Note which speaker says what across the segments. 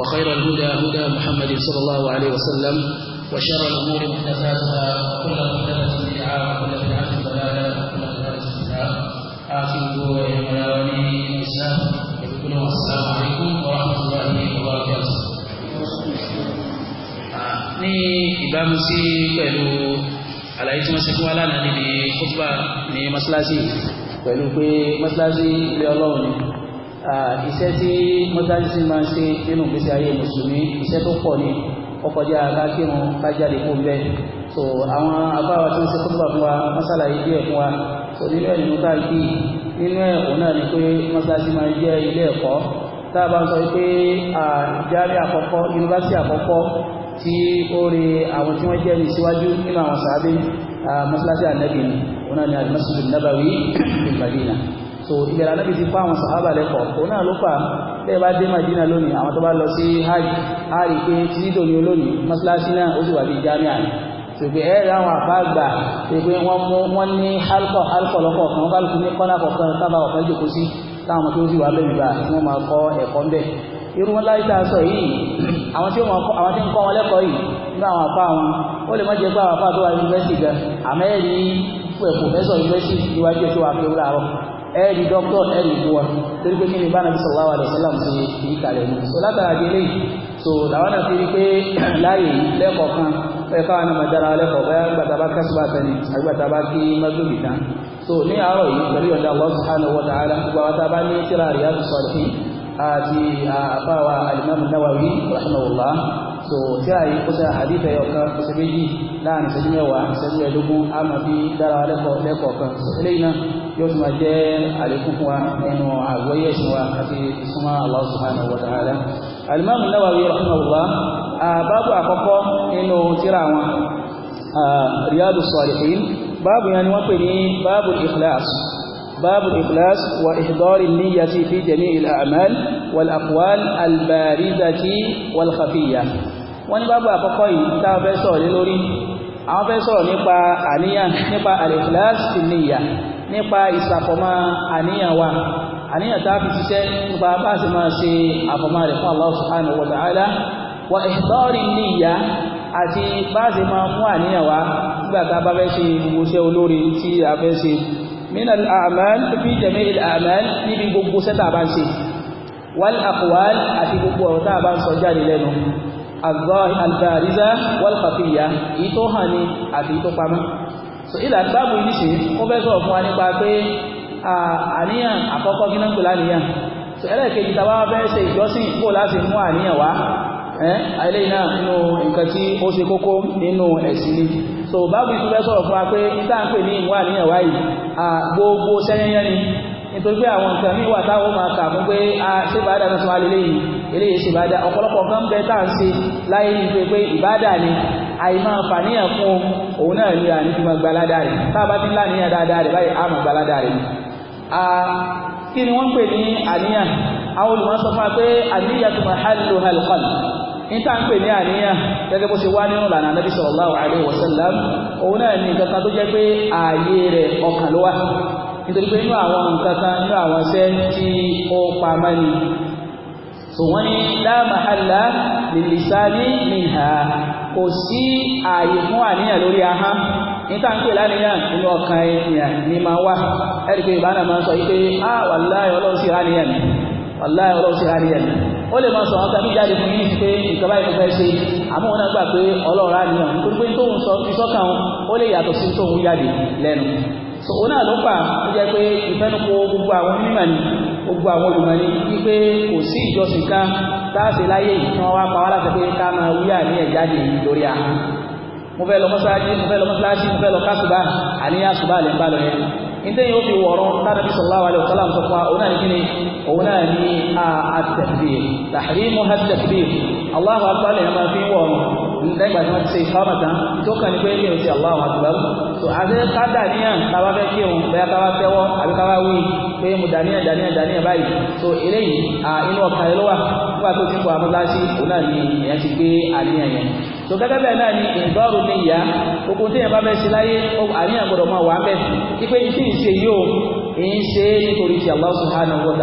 Speaker 1: وخير الهدى هدى محمد صلى الله عليه وسلم وشر الأمور محدثاتها وكل محدثة بدعة وكل بدعة ضلالة وكل ضلالة في النار آخره ويوم الإسلام يقول السلام عليكم ورحمة الله وبركاته ní ìbámu sí pẹ̀lú àlàyé tí wọ́n ṣe fún wa lánàá níbi khutba ní masalasi pẹ̀lú pé masalasi ilé ọlọ́run iṣẹ́ tí mọ́tàlísì máa ń ṣe nínú ìgbésí ayé mùsùlùmí iṣẹ́ tó pọ̀ ní ọkọjá kákírun kájáde kó bẹ́ẹ̀ so àwọn abáwa tó ń ṣe kúrò fún wa mọ́sálàyé díẹ̀ fún wa so nínú ẹ̀ nínú káàkiri nínú ẹ̀ òun náà ni pé mọ́tàlísì máa ń jẹ́ ilé ẹ̀kọ́ tá a bá ń sọ pé jáde àkọ́kọ́ yunifásitì àkọ́kọ́ tí ó rí àwọn tí wọ́n jẹ́ ní síwájú nínú àwọn sàábé mọ́sálásí ànábì ni òun náà ni al-Masjid an-Nabawi so ìlera náà ti fún àwọn sàhábà lẹ́kọ̀ọ́ òun náà ló fà bẹ́ẹ̀ bá dé Madina lónìí àwọn tó bá lọ sí hajj á rí i pé títí tòní olónìí mọ́ṣáláṣí náà ó sì wà bíi jámíà ni ṣùgbọ́n ẹ rí àwọn àbá àgbà pé wọ́n mú wọ́n ní alkọ̀ alkọ̀ lọ́kọ̀ kan wọ́n kálukú ní kọ́nà kọ̀ọ̀kan tábà ọ̀kan jòkó sí táwọn tó sì wà bẹ́ẹ̀ bá wọ́n máa kọ́ ẹ̀kọ́ ńbẹ̀ irú wọn láyé tá a sọ yìí àwọn tí ó máa kọ́ àwọn tí ń kọ́ wọn lẹ́kọ̀ọ́ yìí nínú àwọn àpá wọn ó lè má jẹ́ pé àwọn àpá tó wà yunifásitì gan àmọ́ ẹ̀ ní fún ẹ̀kọ́ fẹ́sọ̀ yunifásitì níwájú ètò àfihàn láàárọ̀ ẹ̀rì dọ́kítọ̀ ẹ̀rì ìbúwa torí pé kí ni bá nàbí sallallahu alaihi wasallam ti fi kalẹ̀ ní so látara di eléyìí so làwọn náà ti rí pé láàyè lẹ́kọ̀ọ́ kan ẹ̀ káwọn náà máa lẹ́kọ̀ọ́ bẹ́ẹ̀ gbàtà bá kásùbà tẹ̀lé àgbàtà bá kí mọ́tòbí tán so ní àárọ̀ yìí pẹ̀lú ọ̀dà Allah subhanahu wa ta'ala gbogbo àwọn tá a bá ní tíra Riyadus so tíra yìí kó sẹ́yà hadith ẹ̀yọ̀ kan kó sẹ́ méjì láàrin ìṣẹ́jú mẹ́wàá ìṣẹ́jú ẹ̀dógún á máa fi so eléyìí náà yóò tún máa jẹ́ àlékún fún wa nínú àgbọ́yé ẹ̀sìn wa àti ìsúnmọ́ Allah subhanahu wa ta'ala alimami Nawawi rahimahullah àbábù àkọ́kọ́ nínú tíra wọn Riyadus Salihin báàbù yẹn ni wọ́n pè ní báàbù ikhlas باب الإخلاص وإحضار النية في جميع الأعمال والأقوال الباردة والخفية wọ́n ní bábù àkọ́kọ́ yìí tá a fẹ́ sọ̀rọ̀ lórí àwọn fẹ́ sọ̀rọ̀ nípa àníyàn nípa al-ikhlas fi nípa ìsàfọ̀mọ́ àníyàn wa àníyàn tá a fi ṣiṣẹ́ nípa bá a sì máa ṣe àfọ̀mọ́ rẹ̀ fún Allah subhanahu wa ta'ala wa ihdari niyya àti bá a sì máa mú àníyàn wa nígbà tá a bá fẹ́ ṣe gbogbo iṣẹ́ olóore tí a fẹ́ ṣe min al-a'mal fi jami' al-a'mal níbi gbogbo iṣẹ́ bá ń ṣe wal aqwal àti gbogbo ọ̀rọ̀ tá a bá ń sọ jáde lẹ́nu al-bariza wal khafiyya ìtò hàn ní àti ìtò so ìlà báàbù yìí nìṣe ó fẹ́ sọ̀rọ̀ fún wa nípa pé àníyàn àkọ́kọ́ kí náà pè láníyàn so ẹlẹ́ẹ̀kejì tàbá wá fẹ́ ṣe ìjọsìn kó láti mú àníyàn wá àìlẹ́ náà nínú nǹkan tí ó ṣe kókó nínú ẹ̀sìn ni so báàbù yìí tún fẹ́ sọ̀rọ̀ fún wa pé níta ń pè ní ìmú àníyàn wá yìí gbogbo sẹ́yẹnyẹ́ ni nítorí pé àwọn nǹkan míì wà táwọn máa kà fún pé a ṣe bá dáná sọ alẹ́ lẹ́yìn eléyìí ṣe bá ọ̀pọ̀lọpọ̀ kan bẹ tá à ń ṣe láyé ní pé ìbádà ni àìmọ́ fàníyàn fún òun náà ní àní fi máa gbalada rẹ̀ tá a bá ti ń láníyàn dáadáa rẹ̀ báyìí á máa gbalada rẹ̀ kí ni wọ́n pè ní àníyàn àwọn olùmọ̀sọ fún wa pé àníyàn tó máa hàlù hàlùkọ́lù níta ń pè ní àníyàn gẹ́gẹ́ bó ṣe wá nínú ìlànà anábì sallallahu alaihi wasallam òun náà ní nǹkan tó jẹ́ pé ààyè rẹ̀ ọkàn ló wà nítorí pé inú àwọn nǹkan kan inú àwọn iṣẹ́ tí ó pa mọ́ni so wọ́n ní láàmàhálà lìlìsáàlì nìhà kò sí ààyè fún àníyàn lórí ahá níta ń pè láníyàn nínú ọkàn ènìyàn ní máa wà ẹ̀rí pé ìbáná máa ń sọ wípé á wàláyé ọlọ́run sí ráníyàn ó lè máa sọ àwọn tàbí jáde fún yìí pé ìjọba ìlú fẹ́ ṣe àmọ́ wọn gbà pé ọlọ́run ráníyàn nítorí pé tóun sọ fi sọ́kàn ó lè yàtọ̀ sí tóun jáde lẹ́nu so òun náà ló fà ó jẹ́ pé ìfẹ́nukò gbogbo àwọn mímọ̀ ni gbogbo àwọn olùmọ̀ni wípé kò sí ìjọsìn kan táàṣe láyé yìí tí wọ́n wá pa wá láti pé ká máa wí àní ẹ̀jáde lórí a mo fẹ́ lọ mọ́sálásí mo fẹ́ lọ mọ́sálásí mo fẹ́ lọ kásùbà àníyàn àsùbà lè ń bá lọ yẹn níta yóò fi wọ̀rọ̀ tánàbí sallallahu alaihi wasallam sọ fún wa òun náà ní kíni òun náà ní àtẹ̀síbìrì tàhírí mọ́ àtẹ̀síbìrì Allahu akbar lè máa fi wọ̀rọ̀ lẹ́gbàá tí wọ́n ti ṣe ìfáàmà tán tó kàn ní pé kí n ti àwọn àwọn àgbà tó àti ká dàníyàn tábà fẹ́ kí òun bẹ́ẹ̀ tábà fẹ́wọ́ àbí tábà wí pé mo dàníyàn dàníyàn dàníyàn báyìí tó eléyìí à inú ọ̀kan ẹ ló wà nígbà tó ti kọ amúláṣí òun náà ni èèyàn ti gbé àníyàn yẹn tó gẹ́gẹ́ bẹ́ẹ̀ náà ni ìdọ́rù ní ìyá gbogbo tí èèyàn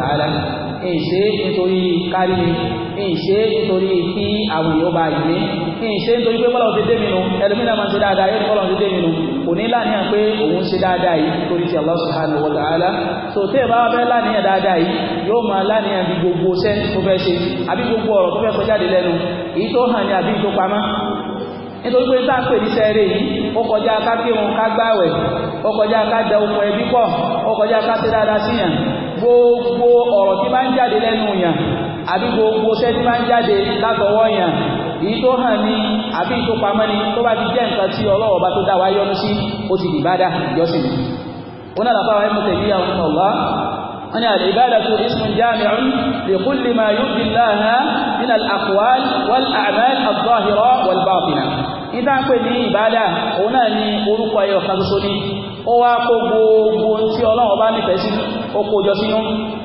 Speaker 1: bá fẹ́ ní ìṣe nítorí kárí mi ní ìṣe nítorí kí àwọn èèyàn bá yìí ní ìṣe nítorí pé bọ́lá ti dé mi nu ẹlòmínà máa ń ṣe dáadáa yóò ní bọ́lá ti dé mi nu kò ní láàníyàn pé òun ṣe dáadáa yìí nítorí ti Allah subhanahu wa ta'ala so tí ẹ bá wá fẹ́ láàníyàn dáadáa yìí yóò máa láàníyàn bí gbogbo ṣẹ́ tó fẹ́ ṣe àbí gbogbo ọ̀rọ̀ tó fẹ́ sọ jáde lẹ́nu èyí tó hàn ní àbí tó pamọ́ nítorí pé sáà pè ní sẹ́ẹ̀rẹ́ yìí ó kọjá ká kírun ká gbáwẹ̀ ó kọjá ká da okùn ẹbí pọ̀ ó kọjá ká ṣe dáadáa síyàn gbogbo jáde lẹ́nu yàn àbí gbogbo iṣẹ́ tí máa ń jáde látọwọ́ yàn èyí tó hàn ní àbí tó pamọ́ ni tó bá ti jẹ́ nǹkan tí ọlọ́wọ́ bá tó dá wa yọ́nú sí ó ti di ìbádà ìjọsìn ni ó náà làbá wa tẹ̀lé àwọn ọmọ ọ̀lá wọn ni al-ibadatu ismun jami'un li kulli ma yurdi Allaha min al-aqwal wal a'mal adh-dhahira wal batina níta ń ní ìbádà òun náà ni orúkọ ẹyọ kan ṣoṣo ni ó wá kó gbogbo tí ọlọ́run bá nífẹ̀ẹ́ sí ó kó jọ sínú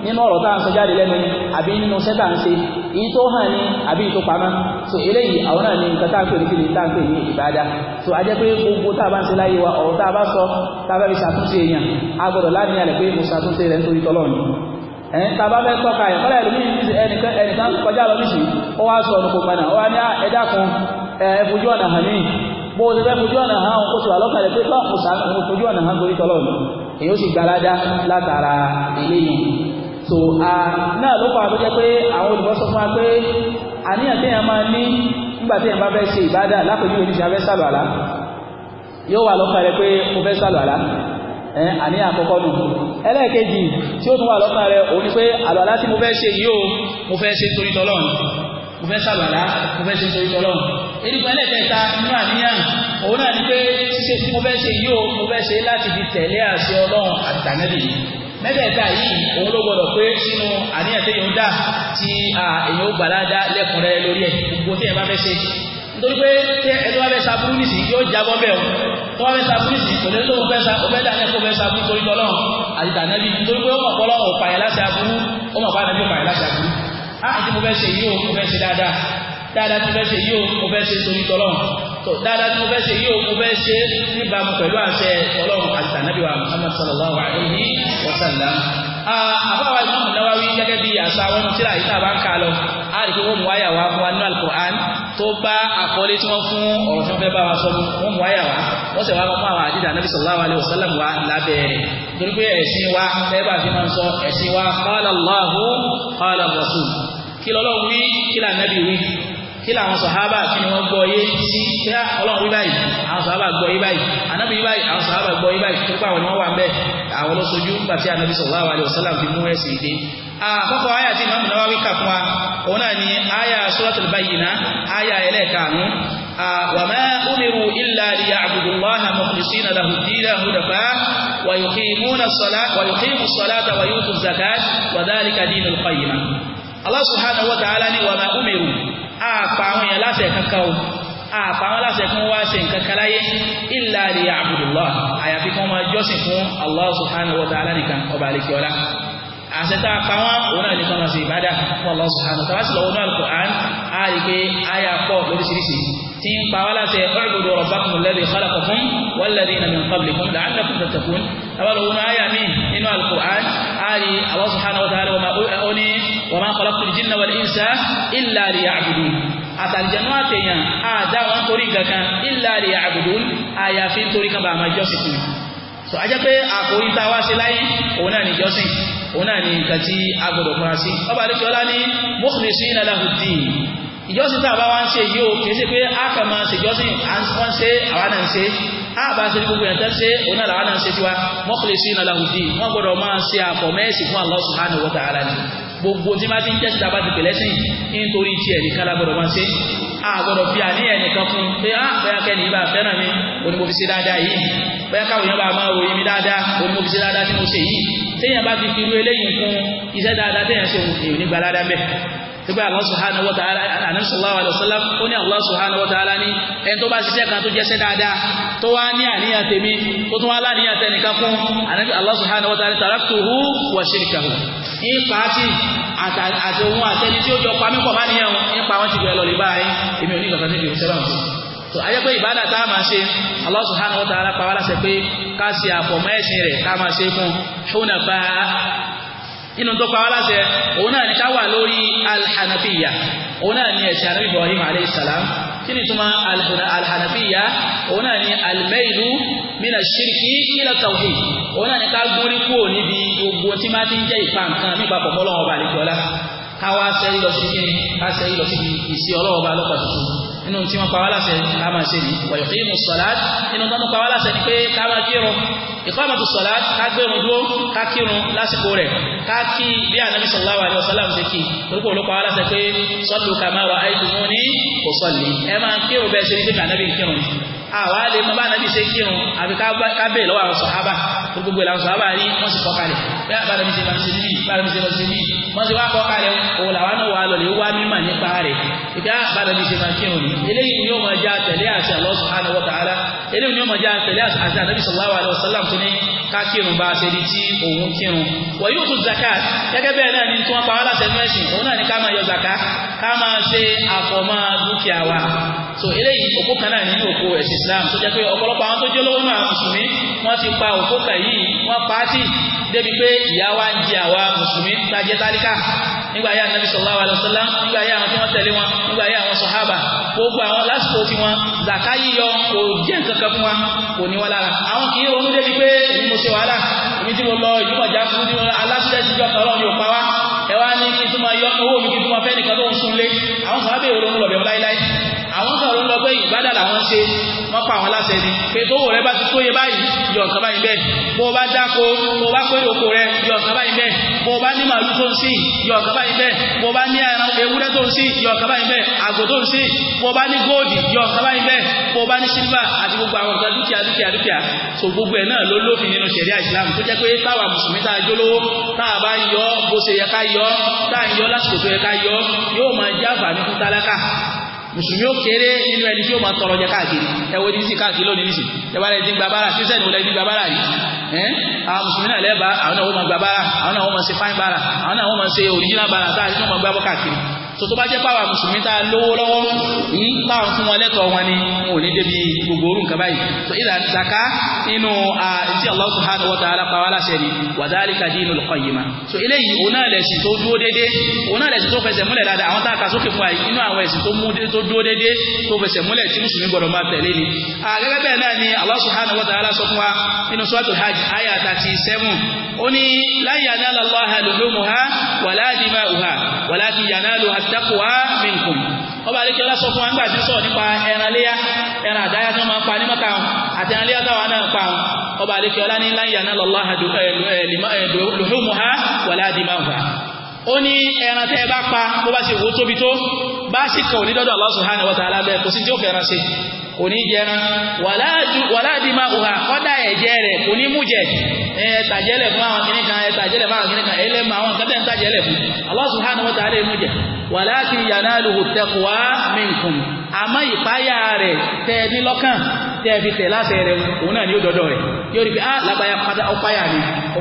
Speaker 1: nínú ọ̀rọ̀ tá à ń sọ jáde lẹ́nu ni àbí nínú iṣẹ́ ń ṣe èyí tó hàn ní àbí èyí pamọ́ so eléyìí àwọn náà ni nǹkan tá ń pè ní kí ni tá ń pè ní ìbádà so a jẹ́ pé gbogbo tá a bá ń ṣe láyé wa ọ̀rọ̀ tá a bá sọ tá a bá fi ṣàtúnṣe èèyàn a gbọ́dọ̀ láàrin alẹ́ pé mo ṣàtúnṣe rẹ̀ nítorí tọ́lọ́run ẹ̀yìn tàbá fẹ́ tọ́ka ẹnìkan kọjá lọ níṣìí ó wá sọ ọ̀nà kò padà ó wá ní ẹ̀dá kan Eh, fojú ọ̀nà hàn mí bó o ti fẹ́ fojú ọ̀nà hàn oṣù àlọ́kàlẹ̀ pé kọ́ ọ̀sán fojú ọ̀nà hàn torí èyí ó so a náà ló fà á tó jẹ́ pé àwọn olùkọ́ sọ fún wa pé àníyàn máa ní nígbà bá fẹ́ ṣe ìbádà àlá yóò wà lọ́kàlẹ̀ pé mo fẹ́ àlá ẹ àníyàn àkọ́kọ́ nù ẹlẹ́ẹ̀kejì tí ó tún wà lọ́kàlẹ̀ òun ni pé àlọ́ àlá tí mo fẹ́ ṣe yìí ó mo fẹ́ sàbàlá mo fẹ́ ṣe nítorí tọ́lọ́ erigun ẹlẹ́kẹta nínú àníyàn òun náà ni pé ṣíṣe tí mo fẹ́ ṣe yìí o mo fẹ́ ṣe láti fi tẹ̀lé àṣẹ ọlọ́run àtànẹ́bì mẹ́tẹ̀ẹ̀ta yìí òun ló gbọdọ̀ pé sínú àníyàn tẹ́yìn ó dà tí èèyàn ó gbàládá lẹ́kùnrẹ́rẹ́ lórí ẹ̀ gbogbo tẹ́yìn bá fẹ́ ṣe nítorí pé tẹ́ ẹ tó bá fẹ́ sa burú nìsín yóò jábọ́ bẹ́ẹ̀ o tó bá fẹ́ sa burú nìsín kò ní tó fẹ́ sa o fẹ́ dà ní kó fẹ́ sa burú torí tọ́lọ́run àti tànẹ́bì nítorí pé ó mọ̀ pọ́lọ́run ò pààyàn láṣẹ aburú ó mọ̀ pààyàn láṣẹ aburú àti ah, mo fẹ́ ṣe yìí o mo fẹ́ ṣe dáadáa dáadáa tí mo fẹ́ ṣe yìí o mo fẹ́ ṣe torí tọ́lọ́run tó dáadáa tí mo fẹ́ ṣe yìí o mo fẹ́ ṣe níbàámu pẹ̀lú àṣẹ ọlọ́run àti ànábì Muhammad sallallahu alayhi wa sallam. Ah, àbáwá ìmáàmù Nawawi gẹ́gẹ́ bí àṣà wọn tí ra ìta bá ń kà lọ á rí pé wọ́n mú wáyà wá fún wa nínú alukur'an tó bá àkọlé tí wọ́n fún ọ̀rọ̀ fún fẹ́ bá wa sọ wọ́n mú wáyà wá wọ́n sì wá mọ́ àwọn àdídà Nabi sallallahu alayhi wa wa lábẹ́ẹ̀rẹ̀ torí pé ẹ̀sìn wa fẹ́ bá fi máa ń sọ ẹ̀sìn wa qala Allahu qala Rasul kí lọ́lọ́run wí kí là nábì wí kí làwọn sàhábà kí ni wọ́n gbọ́ yé sí pé ọlọ́run wí báyìí àwọn sàhábà gbọ́ yé báyìí ànábì wí báyìí àwọn sàhábà gbọ́ yé báyìí tó pàwọn ni wọ́n wà ń bẹ́ẹ̀ àwọn ló sojú nígbà tí ànábì sallallahu alaihi wasallam fi mú ẹ̀sìn ìdè àkọ́kọ́ àyà tí Imam Nawawi kà fún wa òun náà ni àyà Suratul Bayyinah àyà ẹlẹ́ẹ̀karùn-ún wa umiru illa liya'budullaha mukhlisina lahu ddina hunafa wa yuqimuna as-salata wa yuqimu as-salata wa yutu az wa dhalika dinul qayyimah Allah subhanahu wa ta'ala ní wa ma umiru àpá àwọn èèyàn láṣẹ kankan o àpá àwọn láṣẹ kan wá ṣe nǹkan kan láyé illa liya'budullah àyàfi kan máa jọ́sìn fún Allah subhanahu wa ta'ala nìkan ọba àlekè ọlá àṣẹ tá a pa wọn òun náà nìkan lọ sí ìbádà fún Allah subhanahu wa ta'ala sì lọ́wọ́ náà Al-Qur'an á rí pé àyà pọ̀ lóríṣiríṣi tí ń pa wá khalaqtul jinna wal insa illa liya'budun àtàlìjẹ̀nú àtẹ̀yàn àdá wọn torí kankan illa liya'budun àyàfi torí kan bá máa jọ́sìn fún mi so ajẹ́ pé àkórí tá a wá sí láyé òun náà ní jọ́sìn òun náà ní nǹkan tí a gbọ́dọ̀ ìjọsìn tá a bá wá ṣe yìí kìí ṣe pé a kàn máa ṣèjọsìn wọ́n ṣe àwa náà ṣe a bá ṣe gbogbo ẹ̀tẹ́ ṣe òun náà làwa náà ń ṣe tiwa mukhlisina wọ́n gbọ́dọ̀ máa ṣe àfọ̀mẹ́sì fún Allah subhanahu wa ta'ala ni gbogbo tí máa ti ń jẹ́ síta bá ti pè lẹ́sìn nítorí tiẹ̀ nìkan lágbọ́dọ̀ máa ṣe a gbọ́dọ̀ fi àníyàn nìkan fún un pé á ah, bóyá kẹ́ni yìí bá fẹ́ràn mi òní mo fi ṣe dáadáa yìí bóyá káwọn èèyàn bá máa ròyìn mi dáadáa òní mo fi ṣe dáadáa tí mo ṣe yìí téèyàn bá ti fi irú eléyìí fún iṣẹ́ dáadáa téèyàn ṣe òun èèyàn nígbà ládàá bẹ́ẹ̀ tuba Allah ó ní Allah nípa tí àti òun àtẹni tí ó jọ pa mípọ̀ má níyàn nípa wọn ti gbẹ lọ lè bá èmi ò ní kankan níbi ìṣẹ́ báwọn tó ayé pé ìbádà tá a máa ṣe Allah subhanahu wa ta'ala pa wá láṣẹ pé ká ṣe àfọ̀mọ́ ẹ̀sìn rẹ̀ ká máa ṣe fún inú tó salam kí ni túmọ̀ alhànàfíyà òun náà ni almailu mina shirki ila tawhid òun náà ni ká gúnrí kúrò níbi gbogbo tí máa ti ń jẹ́ ìpa nǹkan nípa pọ̀ mọ́ Ọlọ́run ọba àlejò ọlá ká wá sẹ́yìn lọ sí kí ni ká sẹ́yìn lọ sí ìsí Ọlọ́run ọba lọ́kọ̀ọ́ nínú tí wọ́n pa wá láṣẹ ká máa ṣe ní wa yuqimu salat nínú tó ń pa wá láṣẹ ni pé ká máa kírun iqamatu salat ká gbẹ̀rún dúró ká kírun lásìkò rẹ̀ ká bí anabi sallallahu alayhi wa sallam ṣe kí orúkọ ló pa wá láṣẹ ní pé àwa lè mọ bá nàbí ṣe kírun àbí ká bèè lọ́wọ́ àwọn sọ̀hábà tó gbogbo ìlànà sọ̀hábà rí wọ́n sì kọ́kalẹ̀ bẹ́ẹ̀ bá nàbí ṣe bá ṣe bí bá nàbí ṣe bá ṣe bí wọ́n sì wá kọ́kalẹ̀ òun làwọn náà wà lọ́lẹ̀ wá mímọ̀ nípa rẹ̀ ìgbà bá nàbí ṣe bá kírun ni eléyìí ni yóò máa já tẹ̀lé àṣẹ Allah subhanahu wa ta'ala eléyìí ni yóò máa já tẹ̀lé àṣẹ ànábì sallallahu alaihi wasallam tó ní so eléyìí òkú kan náà nínú òkú ẹ̀sìn islam tó jẹ́ pé ọ̀pọ̀lọpọ̀ àwọn tó jẹ́ lọ́wọ́ náà mùsùlùmí wọ́n ti pa òkú kan yìí wọ́n pa á tì débi pé ìyá wa ń jẹ àwa mùsùlùmí tá a jẹ́ tálíkà nígbà yá anabi sallallahu alayhi wa sallam nígbà yá àwọn tí wọ́n tẹ̀lé wọn nígbà yá àwọn sọ̀hábà gbogbo àwọn lásìkò tiwọn zaka yíyọ kò jẹ́ nǹkan kan fún wa kò ní wọn lára àwọn kì í ronú débi pé èmi mo ṣe wàhálà èmi tí mo lọ ìlú mọ̀já fún tí mo lọ aláṣẹ́ síjọ́ kan ọlọ́run yóò pa wá ẹ wá ní kí n tún máa yọ owó mi kí n tún máa fẹ́ nìkan tó ń sunlé àwọn sábà bèèrè ronú lọ́bẹ̀ wọn àwọn kan ló lọ pé ìbádà làwọn ṣe wọ́n pa àwọn láṣẹ ni pé tó wò rẹ bá ti tóye báyìí yọ nǹkan báyìí bó o bá dáko bó o bá pé oko rẹ yọ nǹkan báyìí bẹ́ẹ̀ bó o bá ní màálù tó ń sìn yọ nǹkan báyìí bẹ́ẹ̀ bó o bá ní ẹran ewúrẹ́ tó ń sìn yọ nǹkan báyìí bẹ́ẹ̀ àgbò tó ń sìn bó o bá ní góòdì yọ nǹkan báyìí bẹ́ẹ̀ bó bá ní sílvà àti gbogbo àwọn nǹkan dúkìá dúkìá tá a jólówó tá a bá tá a ń yọ lásìkò tó yẹ ká yọ yóò máa jẹ́ àǹfààní fún mùsùlùmí ó kéré nínú ẹni tí ó máa tọrọ jẹ káàkiri ẹwọ ní sí káàkiri lónìí nìsí ẹwà rẹ dín gbàbára sísẹ ní wọlé dín gbàbára yìí ẹ àwọn mùsùlùmí náà lẹ́ẹ̀bá àwọn náà wọ́n máa gbàbára àwọn náà wọ́n máa ṣe fáìn bára àwọn náà wọ́n máa ṣe òrìjínà bára táà nínú ọmọ gbàbọ́ káàkiri so tó bá jẹ́ pàwà mùsùlùmí tá a lówó lọ́wọ́ yìí táwọn fún wọn lẹ́tọ̀ọ́ wọn ni wọn ò ní débi gbogbo orú nǹkan báyìí so ìlà zaka nínú àti Allah subhanahu wa ta'ala pa wá láṣẹ ni wa dhalika dinul qayyima so eléyìí òun náà lẹ̀sìn tó dúró déédéé òun náà lẹ̀sìn tó fẹsẹ̀ múlẹ̀ dáadáa àwọn tá a kà sókè fún wa yìí inú àwọn ẹ̀sìn tó dúró déédéé tó fẹsẹ̀ múlẹ̀ tí mùsùlùmí gbọdọ̀ máa tẹ̀lé ni gẹ́gẹ́ bẹ́ẹ̀ náà ni Allah subhanahu wa ta'ala sọ fún wa nínú suratul hajj ayah thirty seven ó ní lan yanala Allaha luhumuha wala dima'uha walakin yanaluha taqwa minkum ọba àlejò ọlá sọ fún wa nígbà tí ń sọ nípa ẹran léyà ẹran àdáyà tí wọ́n máa ń pa ní mọ́ta wọn àti ẹran léyà táwọn náà ń pa wọn ọba àlejò ọlá ní láyé àná lọ́lá lùhùmùhá wàlá dimáhùhá ó ní ẹran tẹ́ ẹ bá pa bó bá ṣe wò tóbi tó bá sì kọ̀ ní dọ́dọ̀ Allah subhanahu wa ta'ala bẹ́ẹ̀ kò sí tí ó fẹ́ràn ṣe kò ní jẹran wàláàdì máa hùwà kọ́dà ẹ̀jẹ̀ rẹ̀ kò ní mú jẹ ẹ tàjẹ́lẹ̀ fún àwọn kìnnìkan ẹ tàjẹ́lẹ̀ fún àwọn kìnnìkan ẹ lẹ́mọ àwọn nǹkan tẹ̀ ń tàjẹ́lẹ̀ fún Allah subhanahu wa ta'ala mú jẹ wàláàkì yanaluhu taqwa minkum àmọ́ ìpáyà rẹ̀ tẹ ní lọ́kàn tẹ fi tẹ̀ láṣẹ rẹ̀ òun náà ni ó dọ́dọ̀ rẹ̀ yóò rí bí ah lágbájá mi ó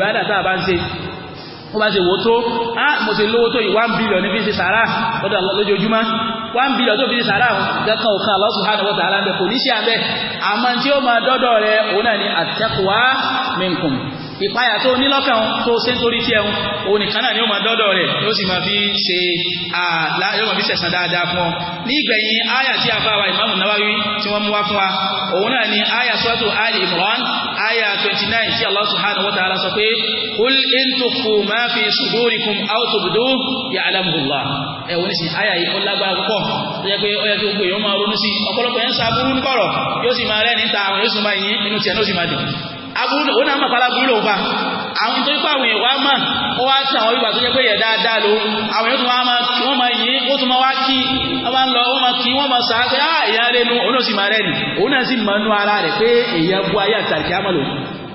Speaker 1: paléyà wọ́n bá ṣe wò tó á mo ṣe lówó tó yìí one billion ní fi ṣe sàárà lọ́dọ̀ lójoojúmọ́ one billion tó fi ṣe sàárà gẹ́kan òkà Allah subhanahu wa ta'ala ń bẹ kò ní ṣe àbẹ́ àmọ́ tí ó máa ni at minkum ìpayà tó ní lọ́kàn tó ṣe ń torí tí ẹun òun nìkan náà ni ó máa dọ́dọ̀ rẹ̀ yóò sì máa fi ṣe àlá yóò máa fi ṣẹ̀san dáadáa fún ọ ní ìgbẹ̀yìn áyà tí a fa wa ìmáàmù Nawawi tí wọ́n mú wá fún wa òun náà ni áyà suratu Ali Imran 29 tí Allah subhanahu wa ta'ala sọ pé aburú òun náà mọ̀ pàlá burú lòun fa àwọn tó ipá àwọn èèwà mọ̀ ó wá sí àwọn ìgbà tó jẹ́ pé yẹ̀ dáadáa ló àwọn èèyàn tó wá máa kí wọ́n máa yìn ó tún máa wá kí wọ́n máa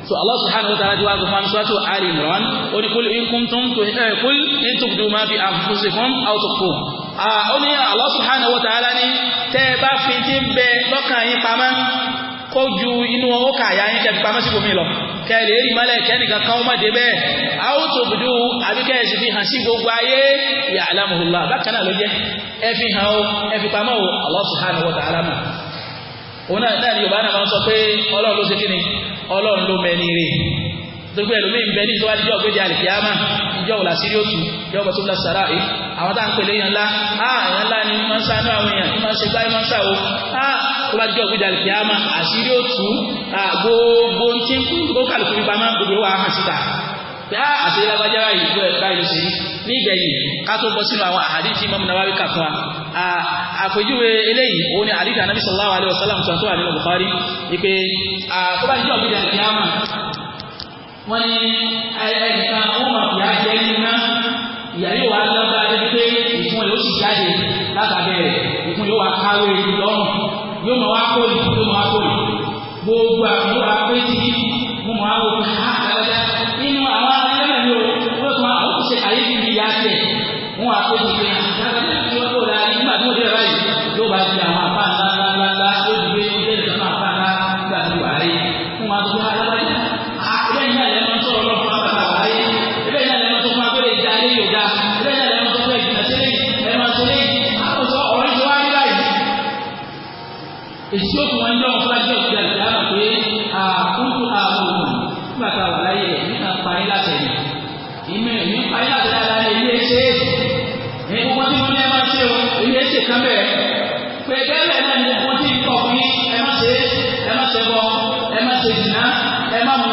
Speaker 1: so Allah subhanahu wa ta'ala ti wá sọ fún suratu Ali Imran ó ní kul in kuntum tó ẹ̀ eh, kul in tubdu ma fi anfusikum aw tukhfuhu ah, ó ní Allah subhanahu wa ta'ala ní tẹ́ ẹ fi ti ń bẹ lọ́kàn yín kó ju inú ọwọ́ kàyà yín kẹ́ lọ kẹ́ lè rí mọ́lẹ̀ kẹ́nìkan kan má dé bẹ́ẹ̀ a ó tó bùdú àbí kẹ́ fi hàn sí gbogbo ayé yà alámùhùlá bákan náà ló jẹ́ ẹ fi hàn o ẹ fi pamọ́ o Allah subhanahu wa ta'ala òun náà náà ni yorùbá náà máa ń sọ pé ọlọ́run ló ṣe kí ni ọlọ́run ló mẹ́ni rè gbogbo ẹlòmíì bẹ ní ìtọ́wájú ìjọ ògbéde àlìkíyàmá ìjọ òlà sírí òtù ọgbà tó la sàrà yìí àwọn táwọn pèlè ńlá ńlá ni máa ń sá inú àwọn èèyàn ń tó bá jọ gbéjà lè ama àṣírí òtú gbogbo tí ó kàlùkù nípa máa gbogbo wa hàn síta bá ah, àṣírí lágbájá báyìí ló ẹ̀ báyìí ló ṣe yí ní ìgbẹ̀yìn ká sínú àwọn àdìsí Imam Nawawi kà fún wa àpèjúwe eléyìí òun ni àdìsí Ànábì sallallahu alaihi wasallam tó wà nínú Bukhari ni a tó bá jọ gbéjà lè ama wọ́n ní ẹnìkan ó mọ̀ ìyá jẹ́ nínú ìyá yóò wá lọ́gbàá débi pé ìfún yóò sì jáde látàbẹ̀rẹ̀ ìfún yóò wá káwé lọ́rùn yóò máa wá kó yìí yóò máa kó yìí gbogbo àbúrò apẹ́tì mo máa wò pé ha ah, dáadáa nínú àwọn alẹ́ náà o wọ́n tún máa ó ṣe àyè bí yá sí ẹ̀ wọ́n apẹ́tì pé nǹkan bẹ́ẹ̀ pẹ̀tẹ́lẹ̀ náà ni mo ti ń kọ̀ fún yín ẹ má ṣe é ẹ má ṣe bọ́ ẹ má ṣe jìnnà ẹ má